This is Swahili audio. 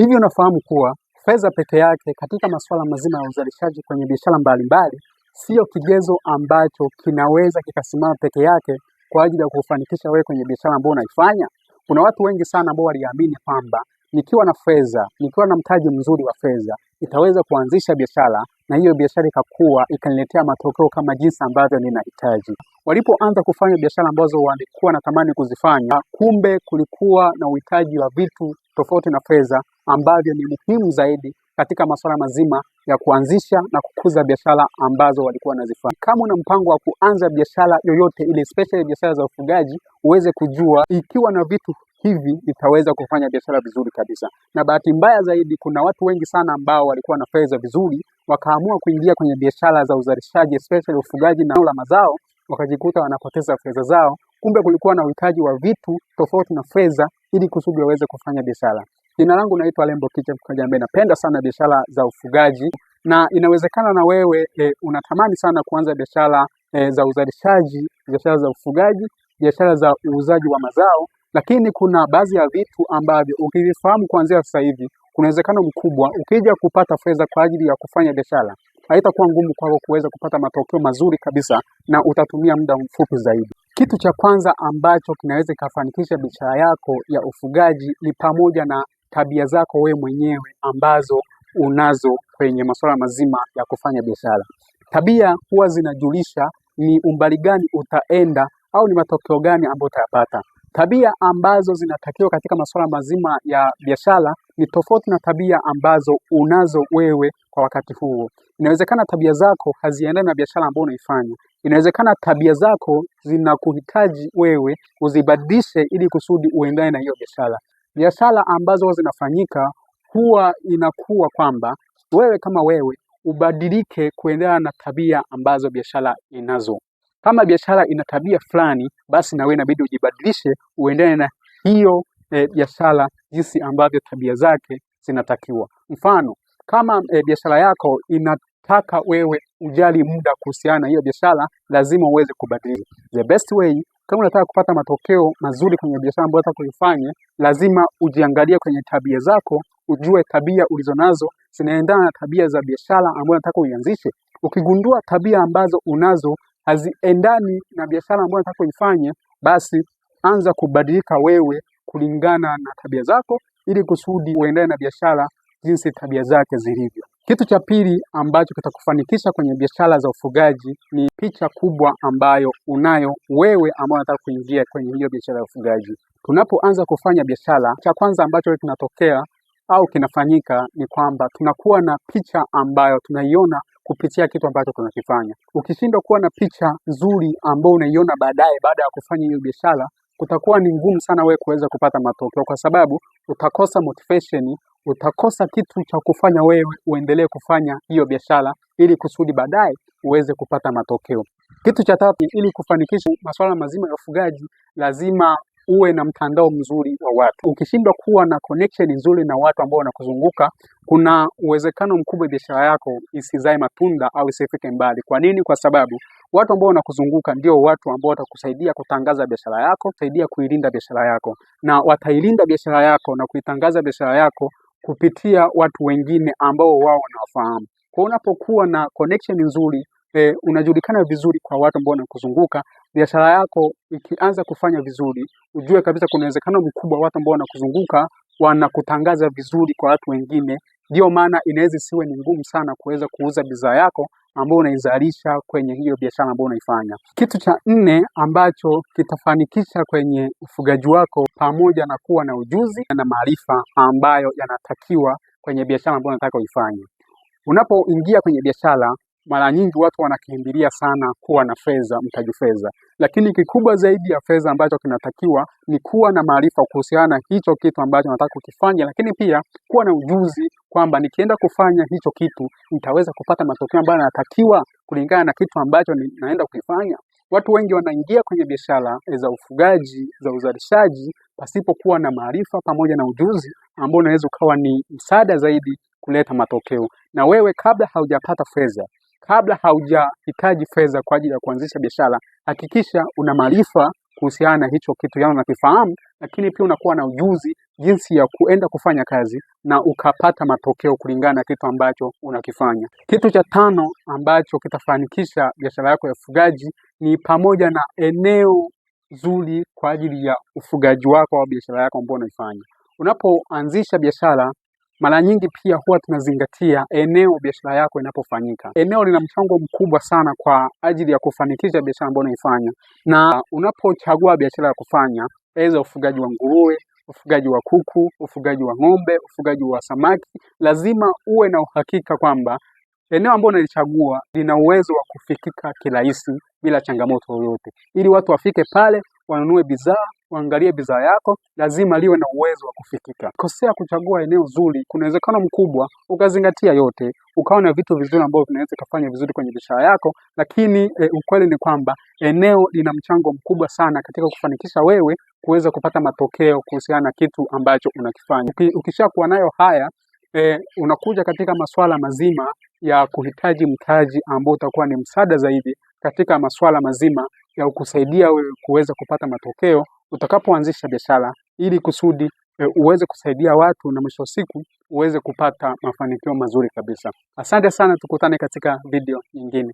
Hivyo unafahamu kuwa fedha peke yake katika masuala mazima ya uzalishaji kwenye biashara mbalimbali sio kigezo ambacho kinaweza kikasimama peke yake kwa ajili ya kufanikisha wewe kwenye biashara ambayo unaifanya. Kuna watu wengi sana ambao waliamini kwamba nikiwa na fedha, nikiwa na mtaji mzuri wa fedha, itaweza kuanzisha biashara na hiyo biashara ikakua, ikaniletea matokeo kama jinsi ambavyo ninahitaji. Walipoanza kufanya biashara ambazo walikuwa na tamani kuzifanya, kumbe kulikuwa na uhitaji wa vitu tofauti na fedha ambavyo ni muhimu zaidi katika masuala mazima ya kuanzisha na kukuza biashara ambazo walikuwa wanazifanya. Kama una mpango wa kuanza biashara yoyote ile, especially biashara za ufugaji, uweze kujua ikiwa na vitu hivi itaweza kufanya biashara vizuri kabisa. Na bahati mbaya zaidi, kuna watu wengi sana ambao walikuwa na fedha vizuri, wakaamua kuingia kwenye biashara za uzalishaji, especially ufugaji na la mazao, wakajikuta wanapoteza fedha zao. Kumbe kulikuwa na uhitaji wa vitu tofauti na fedha, ili kusudi waweze kufanya biashara. Jina langu naitwa Lembo Kiche, mfugaji napenda sana biashara za ufugaji, na inawezekana na wewe e, unatamani sana kuanza biashara e, za uzalishaji, biashara za ufugaji, biashara za uuzaji wa mazao, lakini kuna baadhi ya vitu ambavyo ukivifahamu kuanzia sasa hivi, kuna uwezekano mkubwa ukija kupata fedha kwa ajili ya kufanya biashara haitakuwa ngumu kwako kuweza kupata matokeo mazuri kabisa, na utatumia muda mfupi zaidi. Kitu cha kwanza ambacho kinaweza kikafanikisha biashara yako ya ufugaji ni pamoja na tabia zako we mwenyewe ambazo unazo kwenye masuala mazima ya kufanya biashara. Tabia huwa zinajulisha ni umbali gani utaenda au ni matokeo gani ambayo utayapata. Tabia ambazo zinatakiwa katika masuala mazima ya biashara ni tofauti na tabia ambazo unazo wewe kwa wakati huo. Inawezekana tabia zako haziendani na biashara ambayo unaifanya. Inawezekana tabia zako zinakuhitaji wewe uzibadilishe ili kusudi uendane na hiyo biashara biashara ambazo zinafanyika huwa inakuwa kwamba wewe kama wewe ubadilike kuendana na tabia ambazo biashara inazo. Kama biashara ina tabia fulani, basi na wewe inabidi ujibadilishe uendane na hiyo e, biashara jinsi ambavyo tabia zake zinatakiwa. Mfano, kama e, biashara yako inataka wewe ujali muda kuhusiana na hiyo biashara, lazima uweze kubadilika. The best way kama unataka kupata matokeo mazuri kwenye biashara ambayo unataka kuifanya, lazima ujiangalie kwenye tabia zako, ujue tabia ulizonazo zinaendana na tabia za biashara ambayo unataka uianzishe. Ukigundua tabia ambazo unazo haziendani na biashara ambayo unataka kuifanya, basi anza kubadilika wewe kulingana na tabia zako, ili kusudi uendane na biashara jinsi tabia zake zilivyo. Kitu cha pili ambacho kitakufanikisha kwenye biashara za ufugaji ni picha kubwa ambayo unayo wewe ambao unataka kuingia kwenye hiyo biashara ya ufugaji. Tunapoanza kufanya biashara, cha kwanza ambacho kinatokea au kinafanyika ni kwamba tunakuwa na picha ambayo tunaiona kupitia kitu ambacho tunakifanya. Ukishindwa kuwa na picha nzuri ambayo unaiona baadaye baada ya kufanya hiyo biashara, kutakuwa ni ngumu sana wewe kuweza kupata matokeo, kwa sababu utakosa motivation utakosa kitu cha kufanya wewe uendelee kufanya hiyo biashara ili kusudi baadaye uweze kupata matokeo. Kitu cha tatu, ili kufanikisha masuala mazima ya ufugaji, lazima uwe na mtandao mzuri wa watu. Ukishindwa kuwa na connection nzuri na watu ambao wanakuzunguka, kuna uwezekano mkubwa biashara yako isizae matunda au isifike mbali. Kwa nini? Kwa sababu watu ambao wanakuzunguka ndio watu ambao watakusaidia kutangaza biashara yako, kusaidia kuilinda biashara yako, na watailinda biashara yako na kuitangaza biashara yako kupitia watu wengine ambao wao wanawafahamu. Kwa unapokuwa na connection nzuri e, unajulikana vizuri kwa watu ambao wanakuzunguka, biashara yako ikianza kufanya vizuri, ujue kabisa kuna uwezekano mkubwa watu ambao wanakuzunguka wanakutangaza vizuri kwa watu wengine Ndiyo maana inaweza isiwe ni ngumu sana kuweza kuuza bidhaa yako ambayo unaizalisha kwenye hiyo biashara ambayo unaifanya. Kitu cha nne ambacho kitafanikisha kwenye ufugaji wako pamoja na kuwa na ujuzi na maarifa ambayo yanatakiwa kwenye biashara ambayo unataka uifanye. Unapoingia kwenye biashara, mara nyingi watu wanakimbilia sana kuwa na fedha, mtaji fedha, lakini kikubwa zaidi ya fedha ambacho kinatakiwa ni kuwa na maarifa kuhusiana na hicho kitu ambacho unataka kukifanya, lakini pia kuwa na ujuzi kwamba nikienda kufanya hicho kitu nitaweza kupata matokeo ambayo yanatakiwa kulingana na kitu ambacho ninaenda kukifanya. Watu wengi wanaingia kwenye biashara za ufugaji, za uzalishaji pasipokuwa na maarifa pamoja na ujuzi ambao unaweza ukawa ni msaada zaidi kuleta matokeo. Na wewe kabla haujapata fedha, kabla haujahitaji fedha kwa ajili ya kuanzisha biashara, hakikisha una maarifa kuhusiana na hicho kitu, yaani nakifahamu lakini pia unakuwa na ujuzi jinsi ya kuenda kufanya kazi na ukapata matokeo kulingana na kitu ambacho unakifanya. Kitu cha tano ambacho kitafanikisha biashara yako ya ufugaji ni pamoja na eneo zuri kwa ajili ya ufugaji wako au biashara yako ambayo unaifanya. Unapoanzisha biashara, mara nyingi pia huwa tunazingatia eneo biashara yako inapofanyika. Eneo lina mchango mkubwa sana kwa ajili ya kufanikisha biashara ambayo unaifanya, na unapochagua biashara ya kufanya aidha ufugaji wa nguruwe, ufugaji wa kuku, ufugaji wa ng'ombe, ufugaji wa samaki, lazima uwe na uhakika kwamba eneo ambalo unalichagua lina uwezo wa kufikika kirahisi bila changamoto yoyote, ili watu wafike pale wanunue bidhaa uangalie bidhaa yako, lazima liwe na uwezo wa kufikika. Kosea kuchagua eneo zuri, kuna uwezekano mkubwa ukazingatia yote, ukawa na vitu vizuri ambavyo vinaweza kufanya vizuri kwenye biashara yako, lakini e, ukweli ni kwamba eneo lina mchango mkubwa sana katika kufanikisha wewe kuweza kupata matokeo kuhusiana na kitu ambacho unakifanya. Ukishakuwa nayo haya e, unakuja katika masuala mazima ya kuhitaji mtaji ambao utakuwa ni msaada zaidi katika masuala mazima ya kukusaidia wewe kuweza kupata matokeo utakapoanzisha biashara, ili kusudi eh, uweze kusaidia watu na mwisho wa siku uweze kupata mafanikio mazuri kabisa. Asante sana, tukutane katika video nyingine.